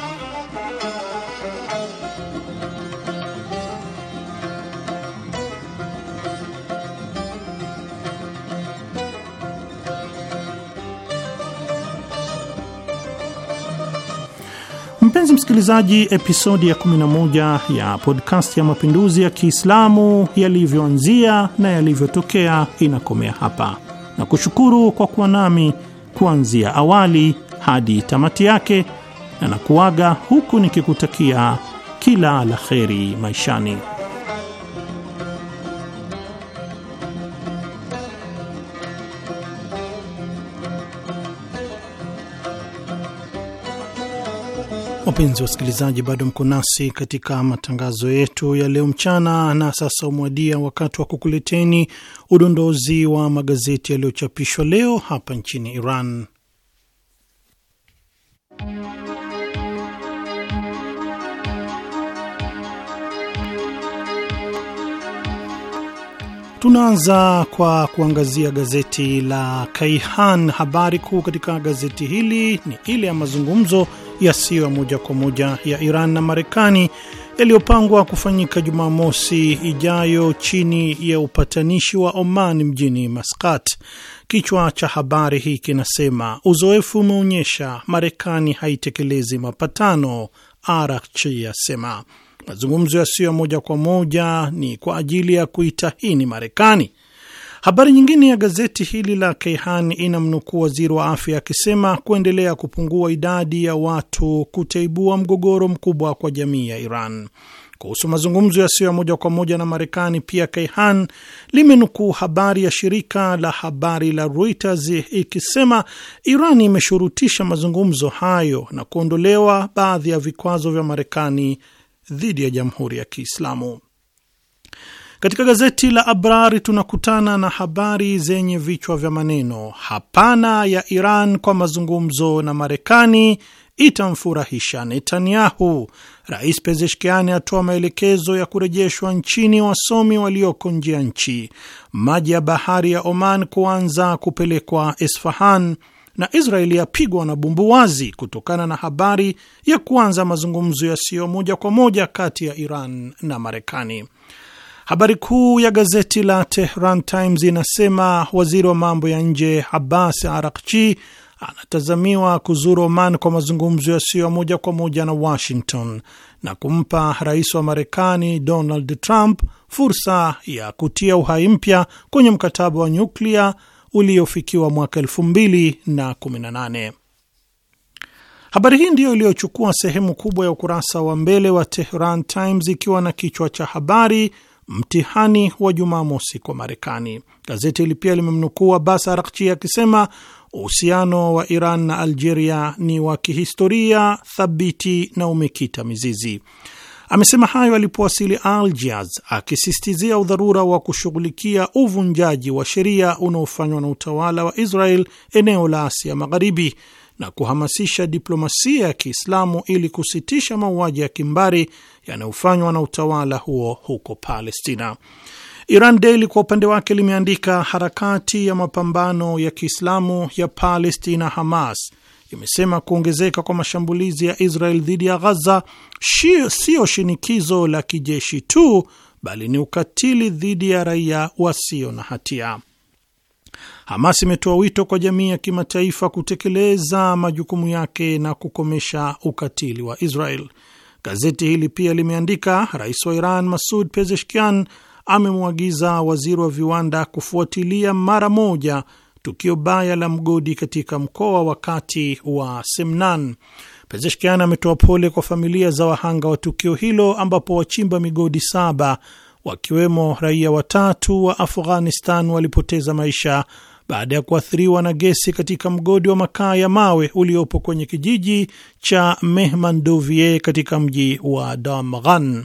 Mpenzi msikilizaji, episodi ya 11 ya podcast ya mapinduzi ya Kiislamu yalivyoanzia na yalivyotokea inakomea hapa, na kushukuru kwa kuwa nami kuanzia awali hadi tamati yake, na nakuaga huku nikikutakia kila la kheri maishani. Wapenzi wasikilizaji, bado mko nasi katika matangazo yetu ya leo mchana, na sasa umewadia wakati wa kukuleteni udondozi wa magazeti yaliyochapishwa leo hapa nchini Iran. Tunaanza kwa kuangazia gazeti la Kaihan. Habari kuu katika gazeti hili ni ile ya mazungumzo yasiyo ya moja kwa moja ya Iran na Marekani yaliyopangwa kufanyika Jumamosi ijayo chini ya upatanishi wa Oman mjini Maskat. Kichwa cha habari hii kinasema uzoefu umeonyesha Marekani haitekelezi mapatano, Araghchi yasema. Mazungumzo yasiyo ya moja kwa moja ni kwa ajili ya kuitahini Marekani Habari nyingine ya gazeti hili la Keihan inamnukuu waziri wa afya akisema kuendelea kupungua idadi ya watu kutaibua mgogoro mkubwa kwa jamii ya Iran. Kuhusu mazungumzo yasiyo ya moja kwa moja na Marekani, pia Kaihan limenukuu habari ya shirika la habari la Reuters ikisema Iran imeshurutisha mazungumzo hayo na kuondolewa baadhi ya vikwazo vya Marekani dhidi ya jamhuri ya Kiislamu. Katika gazeti la Abrari tunakutana na habari zenye vichwa vya maneno: hapana ya Iran kwa mazungumzo na Marekani itamfurahisha Netanyahu, Rais Pezeshkiani atoa maelekezo ya kurejeshwa nchini wasomi walioko nje ya nchi, maji ya bahari ya Oman kuanza kupelekwa Esfahan, na Israeli yapigwa na bumbu wazi kutokana na habari ya kuanza mazungumzo yasiyo moja kwa moja kati ya Iran na Marekani. Habari kuu ya gazeti la Tehran Times inasema waziri wa mambo ya nje Abbas Arakchi anatazamiwa kuzuru Oman kwa mazungumzo yasiyo ya moja kwa moja na Washington na kumpa rais wa Marekani Donald Trump fursa ya kutia uhai mpya kwenye mkataba wa nyuklia uliofikiwa mwaka 2018. Habari hii ndiyo iliyochukua sehemu kubwa ya ukurasa wa mbele wa Tehran Times ikiwa na kichwa cha habari mtihani wa Jumamosi kwa Marekani. Gazeti hili pia limemnukuu Abbas Araghchi akisema uhusiano wa Iran na Algeria ni wa kihistoria thabiti na umekita mizizi. Amesema hayo alipowasili Algiers, akisistizia udharura wa kushughulikia uvunjaji wa sheria unaofanywa na utawala wa Israel eneo la Asia Magharibi na kuhamasisha diplomasia ya Kiislamu ili kusitisha mauaji ya kimbari yanayofanywa na utawala huo huko Palestina. Iran Daily kwa upande wake limeandika, harakati ya mapambano ya Kiislamu ya Palestina Hamas imesema kuongezeka kwa mashambulizi ya Israel dhidi ya Ghaza siyo shinikizo la kijeshi tu, bali ni ukatili dhidi ya raia wasio na hatia. Hamas imetoa wito kwa jamii ya kimataifa kutekeleza majukumu yake na kukomesha ukatili wa Israel. Gazeti hili pia limeandika, rais wa Iran Masud Pezeshkian amemwagiza waziri wa viwanda kufuatilia mara moja tukio baya la mgodi katika mkoa wa kati wa Semnan. Pezeshkian ametoa pole kwa familia za wahanga wa tukio hilo, ambapo wachimba migodi saba wakiwemo raia watatu wa Afghanistan walipoteza maisha baada ya kuathiriwa na gesi katika mgodi wa makaa ya mawe uliopo kwenye kijiji cha Mehmandovieh katika mji wa Damghan.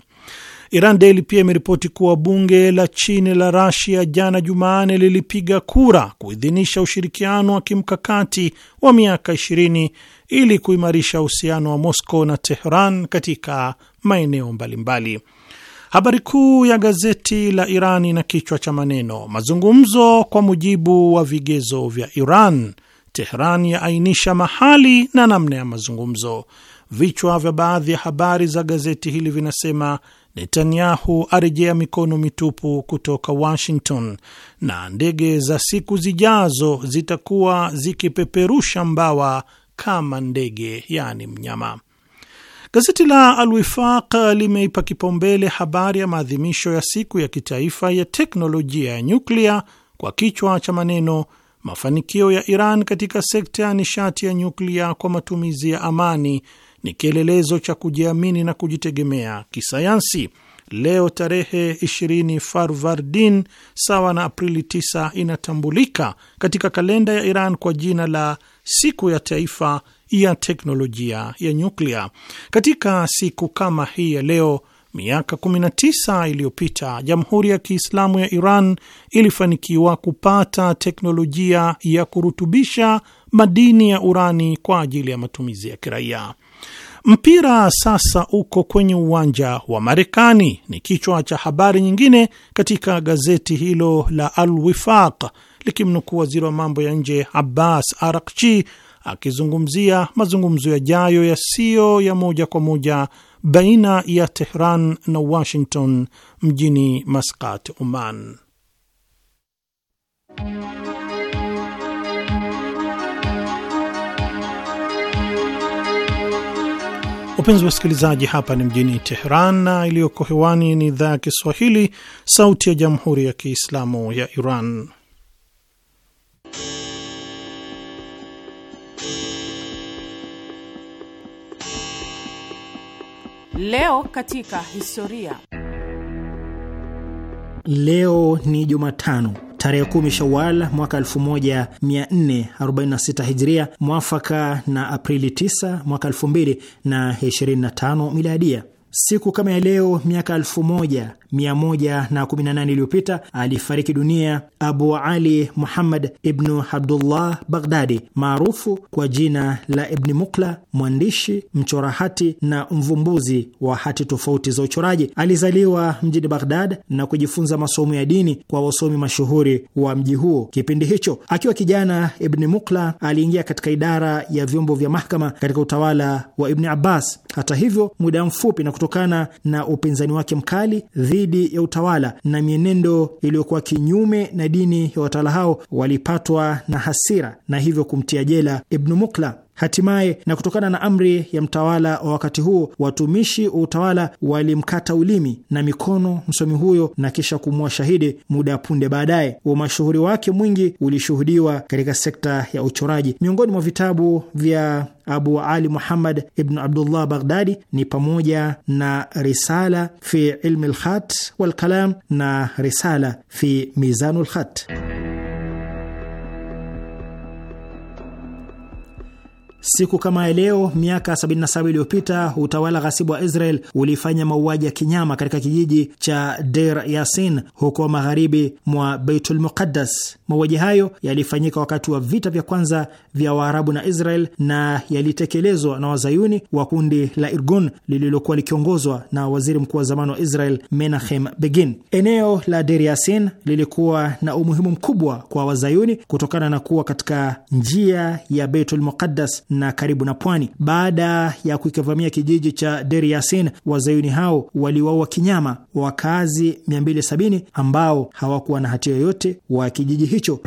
Iran Daily pia imeripoti kuwa bunge la chini la Rasia jana Jumanne lilipiga kura kuidhinisha ushirikiano wa kimkakati wa miaka 20 ili kuimarisha uhusiano wa Moscow na Tehran katika maeneo mbalimbali mbali. Habari kuu ya gazeti la Iran ina kichwa cha maneno mazungumzo kwa mujibu wa vigezo vya Iran, Tehran yaainisha mahali na namna ya mazungumzo. Vichwa vya baadhi ya habari za gazeti hili vinasema Netanyahu arejea mikono mitupu kutoka Washington, na ndege za siku zijazo zitakuwa zikipeperusha mbawa kama ndege, yaani mnyama. Gazeti la Alwifaq limeipa kipaumbele habari ya maadhimisho ya siku ya kitaifa ya teknolojia ya nyuklia kwa kichwa cha maneno mafanikio ya Iran katika sekta ya nishati ya nyuklia kwa matumizi ya amani ni kielelezo cha kujiamini na kujitegemea kisayansi. Leo tarehe 20 Farvardin, sawa na Aprili 9, inatambulika katika kalenda ya Iran kwa jina la siku ya taifa ya teknolojia ya nyuklia. Katika siku kama hii ya leo miaka 19 iliyopita Jamhuri ya Kiislamu ya Iran ilifanikiwa kupata teknolojia ya kurutubisha madini ya urani kwa ajili ya matumizi ya kiraia. Mpira sasa uko kwenye uwanja wa Marekani, ni kichwa cha habari nyingine katika gazeti hilo la Al Wifaq, likimnukuu waziri wa mambo ya nje Abbas Arakchi akizungumzia mazungumzo yajayo yasiyo ya moja kwa moja baina ya Tehran na Washington mjini Maskat, Oman. Wapenzi wasikilizaji, hapa ni mjini Teheran na iliyoko hewani ni idhaa ya Kiswahili, sauti ya jamhuri ya kiislamu ya Iran. Leo katika historia. Leo ni Jumatano tarehe kumi Shawal mwaka 1446 Hijria, mwafaka na Aprili 9 mwaka 2025 Miladia. Siku kama ya leo miaka moja 118 iliyopita alifariki dunia Abu Ali Muhammad Ibnu Abdullah Baghdadi, maarufu kwa jina la Ibni Mukla, mwandishi, mchora hati na mvumbuzi wa hati tofauti za uchoraji. Alizaliwa mjini Baghdad na kujifunza masomo ya dini kwa wasomi mashuhuri wa mji huo kipindi hicho. Akiwa kijana, Ibni Mukla aliingia katika idara ya vyombo vya mahakama katika utawala wa Ibni Abbas. Hata hivyo, muda mfupi na kutokana na upinzani wake mkali dhidi ya utawala na mienendo iliyokuwa kinyume na dini ya watawala hao, walipatwa na hasira na hivyo kumtia jela Ibnu Mukla. Hatimaye, na kutokana na amri ya mtawala wa wakati huo, watumishi wa utawala walimkata ulimi na mikono msomi huyo na kisha kumua shahidi muda ya punde baadaye. Umashuhuri wake mwingi ulishuhudiwa katika sekta ya uchoraji. Miongoni mwa vitabu vya Abu Ali Muhammad ibn Abdullah Baghdadi ni pamoja na Risala fi ilmi lkhat walkalam na Risala fi mizanu lkhat. Siku kama ya leo miaka 77 iliyopita utawala ghasibu wa Israel ulifanya mauaji ya kinyama katika kijiji cha Deir Yasin huko magharibi mwa Beitul Muqaddas. Mauaji hayo yalifanyika wakati wa vita vya kwanza vya Waarabu na Israel na yalitekelezwa na wazayuni wa kundi la Irgun lililokuwa likiongozwa na waziri mkuu wa zamani wa Israel Menachem Begin. Eneo la Deir Yasin lilikuwa na umuhimu mkubwa kwa wazayuni kutokana na kuwa katika njia ya Beitul Muqaddas na karibu na pwani. Baada ya kukivamia kijiji cha Deri Yasin, wazayuni hao waliwaua kinyama wakazi 270 ambao hawakuwa na hatia yoyote wa kijiji hicho.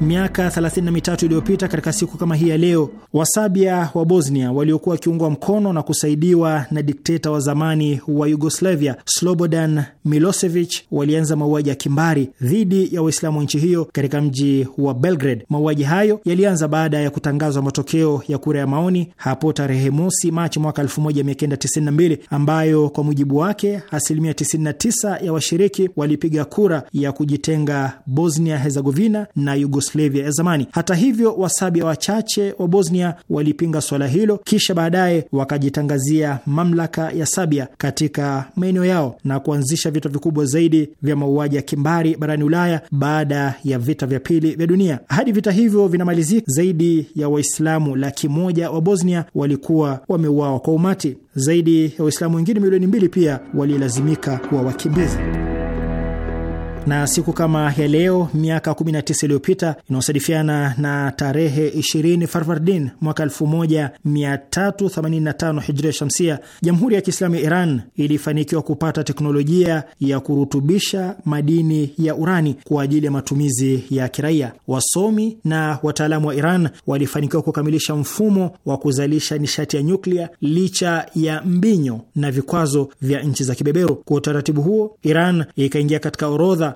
Miaka 33 iliyopita katika siku kama hii ya leo, Wasabia wa Bosnia waliokuwa wakiungwa mkono na kusaidiwa na dikteta wa zamani wa Yugoslavia Slobodan Milosevic walianza mauaji ya kimbari dhidi ya Waislamu wa nchi hiyo katika mji wa Belgrade. Mauaji hayo yalianza baada ya kutangazwa matokeo ya kura ya maoni hapo tarehe mosi Machi mwaka 1992 ambayo kwa mujibu wake asilimia 99 ya washiriki walipiga kura ya kujitenga Bosnia Herzegovina na Yugoslavia Yugoslavia ya zamani. Hata hivyo, Wasabia wachache wa Bosnia walipinga swala hilo, kisha baadaye wakajitangazia mamlaka ya Sabia katika maeneo yao na kuanzisha vita vikubwa zaidi vya mauaji ya kimbari barani Ulaya baada ya vita vya pili vya dunia. Hadi vita hivyo vinamalizika, zaidi ya Waislamu laki moja wa Bosnia walikuwa wameuawa kwa umati. Zaidi ya Waislamu wengine milioni mbili pia walilazimika kuwa wakimbizi na siku kama ya leo miaka 19 iliyopita inaosadifiana na tarehe 20 Farvardin mwaka 1385 Hijria Shamsia, Jamhuri ya Kiislamu ya Iran ilifanikiwa kupata teknolojia ya kurutubisha madini ya urani kwa ajili ya matumizi ya kiraia. Wasomi na wataalamu wa Iran walifanikiwa kukamilisha mfumo wa kuzalisha nishati ya nyuklia licha ya mbinyo na vikwazo vya nchi za kibeberu. Kwa utaratibu huo, Iran ikaingia katika orodha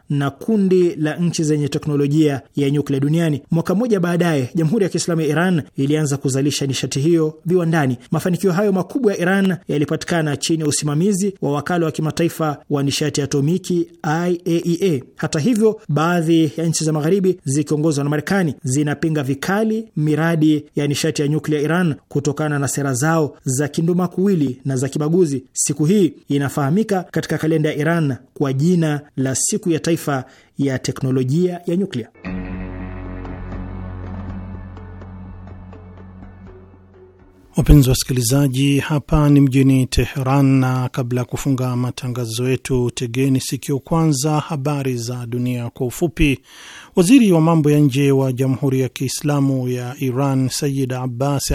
na kundi la nchi zenye teknolojia ya nyuklia duniani. Mwaka mmoja baadaye, Jamhuri ya Kiislamu ya Iran ilianza kuzalisha nishati hiyo viwandani. Mafanikio hayo makubwa ya Iran yalipatikana chini ya usimamizi wa wakala wa kimataifa wa nishati ya atomiki IAEA. E Hata hivyo, baadhi ya nchi za Magharibi zikiongozwa na Marekani zinapinga vikali miradi ya nishati ya nyuklia Iran kutokana na sera zao za kindumakuwili na za kibaguzi. Siku hii inafahamika katika kalenda ya Iran kwa jina la siku ya taifa kimataifa ya teknolojia ya nyuklia. Wapenzi wasikilizaji, hapa ni mjini Teheran, na kabla ya kufunga matangazo yetu, tegeni sikio kwanza habari za dunia kwa ufupi. Waziri wa mambo ya nje wa Jamhuri ya Kiislamu ya Iran Sayid Abbas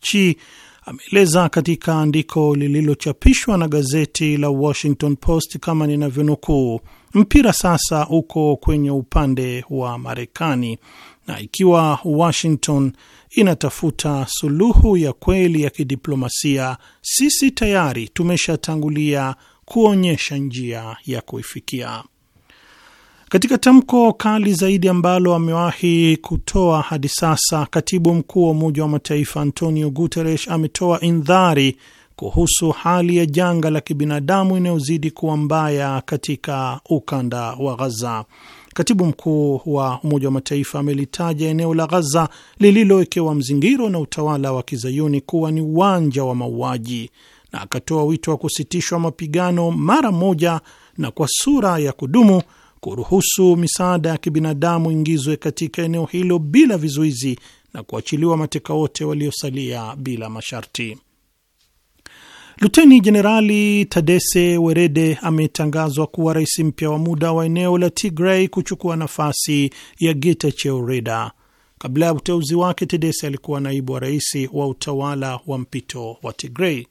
chi ameeleza katika andiko lililochapishwa na gazeti la Washington Post kama ninavyonukuu Mpira sasa uko kwenye upande wa Marekani, na ikiwa Washington inatafuta suluhu ya kweli ya kidiplomasia, sisi tayari tumeshatangulia kuonyesha njia ya kuifikia. Katika tamko kali zaidi ambalo amewahi kutoa hadi sasa, katibu mkuu wa Umoja wa Mataifa Antonio Guterres ametoa indhari kuhusu hali ya janga la kibinadamu inayozidi kuwa mbaya katika ukanda wa Ghaza. Katibu mkuu wa Umoja wa Mataifa amelitaja eneo la Ghaza lililowekewa mzingiro na utawala wa kizayuni kuwa ni uwanja wa mauaji na akatoa wito wa kusitishwa mapigano mara moja na kwa sura ya kudumu, kuruhusu misaada ya kibinadamu ingizwe katika eneo hilo bila vizuizi na kuachiliwa mateka wote waliosalia bila masharti. Luteni Jenerali tadese Werede ametangazwa kuwa rais mpya wa muda wa eneo la Tigray kuchukua nafasi ya Getachew Reda. Kabla ya uteuzi wake, Tedesi alikuwa naibu wa rais wa utawala wa mpito wa Tigrei.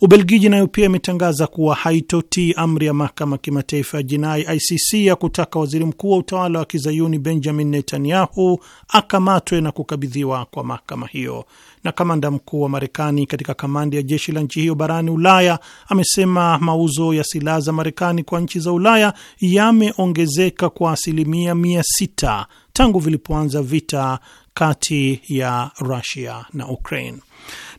Ubelgiji nayo pia imetangaza kuwa haitotii amri ya mahakama kimataifa ya jinai ICC ya kutaka waziri mkuu wa utawala wa kizayuni Benjamin Netanyahu akamatwe na kukabidhiwa kwa mahakama hiyo. Na kamanda mkuu wa Marekani katika kamandi ya jeshi la nchi hiyo barani Ulaya amesema mauzo ya silaha za Marekani kwa nchi za Ulaya yameongezeka kwa asilimia mia sita tangu vilipoanza vita kati ya Rusia na Ukraine.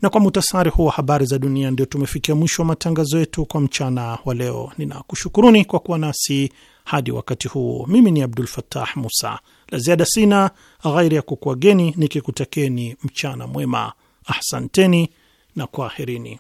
Na kwa muhtasari huu wa habari za dunia, ndio tumefikia mwisho wa matangazo yetu kwa mchana wa leo. Ninakushukuruni kwa kuwa nasi hadi wakati huu. Mimi ni Abdul Fattah Musa, la ziada sina ghairi ya kukuageni nikikutakeni mchana mwema. Ahsanteni na kwaherini.